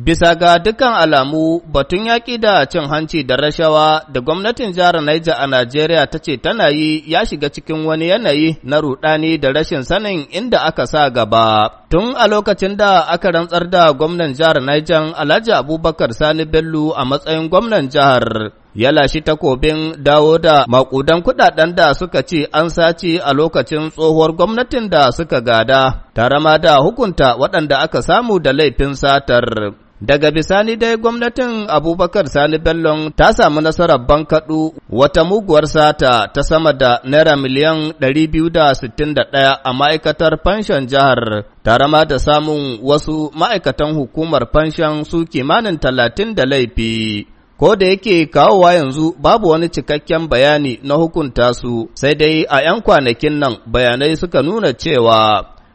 Bisa ga dukkan alamu batun yaƙi da cin hanci da rashawa da gwamnatin jihar Niger a Najeriya ta ce tana yi ya shiga cikin wani yanayi na rudani da rashin sanin inda aka sa gaba. Tun a lokacin da aka rantsar da gwamnan jihar Niger Alhaji Abubakar Sani Bello a matsayin gwamnan jihar. ya lashi takobin dawo da makudan kudaden da suka ci an sace a lokacin tsohuwar gwamnatin da suka gada, tare ma da hukunta waɗanda aka samu da laifin satar. Daga bisani dai gwamnatin Abubakar Sani Bello ta samu nasarar bankaɗu wata muguwar sata ta sama da Naira miliyan 261 a ma'aikatar fanshon jihar, tare ma da samun wasu ma'aikatan hukumar fanshon su kimanin talatin da laifi. ko da yake kawowa yanzu babu wani cikakken bayani na hukunta su sai dai a 'yan kwanakin nan bayanai suka nuna cewa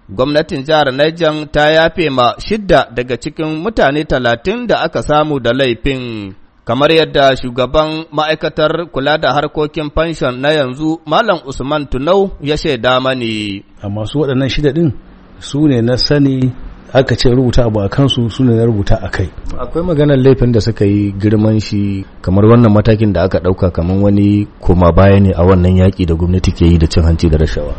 gwamnatin jihar Niger ta yafe ma shidda daga cikin mutane talatin da aka samu da laifin. Kamar yadda shugaban ma'aikatar kula da harkokin fanshon na yanzu Malam Usman Tunau ya shaida mani. A masu waɗannan shida ɗin su ne na sani aka ce rubuta abu a kansu su ne na rubuta a kai. Akwai maganar laifin da suka yi girman shi kamar wannan matakin da aka ɗauka kamar wani koma baya ne a wannan yaƙi da gwamnati ke yi da cin hanci da rashawa.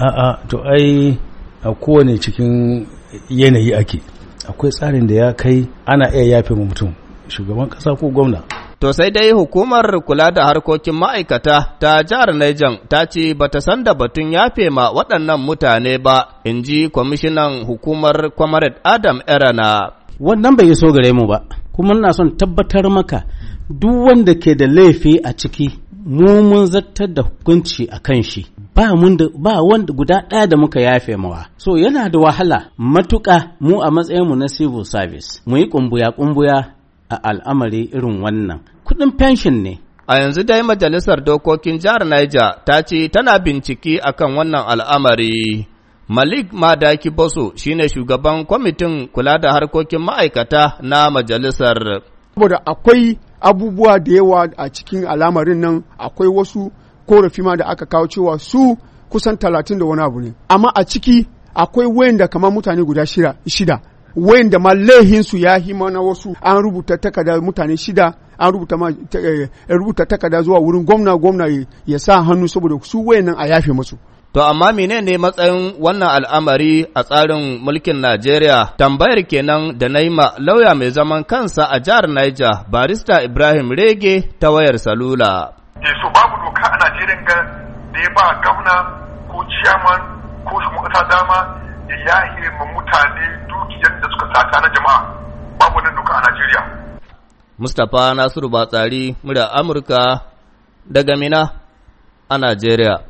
A'a to ai a kowane cikin yanayi ake akwai tsarin da ya kai ana iya yafe mutum shugaban kasa ko gwamna to sai dai hukumar kula da harkokin ma'aikata ta jihar Niger ta ce ba ta san da batun yafe ma waɗannan mutane ba in ji kwamishinan hukumar comrade adam erana wannan bai so gare mu ba kuma ina son tabbatar maka duk wanda ke da laifi a ciki mu mun zartar da hukunci a kan shi ba wanda guda ɗaya da muka yafe mawa so yana da wahala matuƙa mu a matsayinmu na civil service mu yi kumbuya kumbuya a al'amari irin wannan kuɗin pension ne A yanzu dai Majalisar Dokokin Jihar Niger ta ce tana bincike akan wannan al'amari. Malik Madaki Boso shine shugaban kwamitin kula da harkokin ma'aikata na majalisar. Saboda akwai abubuwa da yawa a cikin alamarin nan akwai wasu korafi ma da aka kawo cewa su kusan talatin da wani abu ne amma a ciki akwai wayanda kamar mutane guda shida wayanda ma su ya hima na wasu an rubuta takarda mutane shida an rubuta ma eh, rubuta takarda zuwa wurin gwamna gwamna ya sa hannu saboda su wayannan a yafe musu To amma menene matsayin wannan al'amari a tsarin mulkin Najeriya tambayar kenan da naima lauya mai zaman kansa a jihar Niger barista Ibrahim Rege ta wayar salula. Eh, so babu doka a Najeriya ga da ya ba gwamna ko ciyaman ko shugaban kasa dama ya yahe ma mutane dukiyar da suka sata na jama'a babu wannan doka a Najeriya. Mustapha Nasiru Batsari, murya Amurka daga Mina a Najeriya.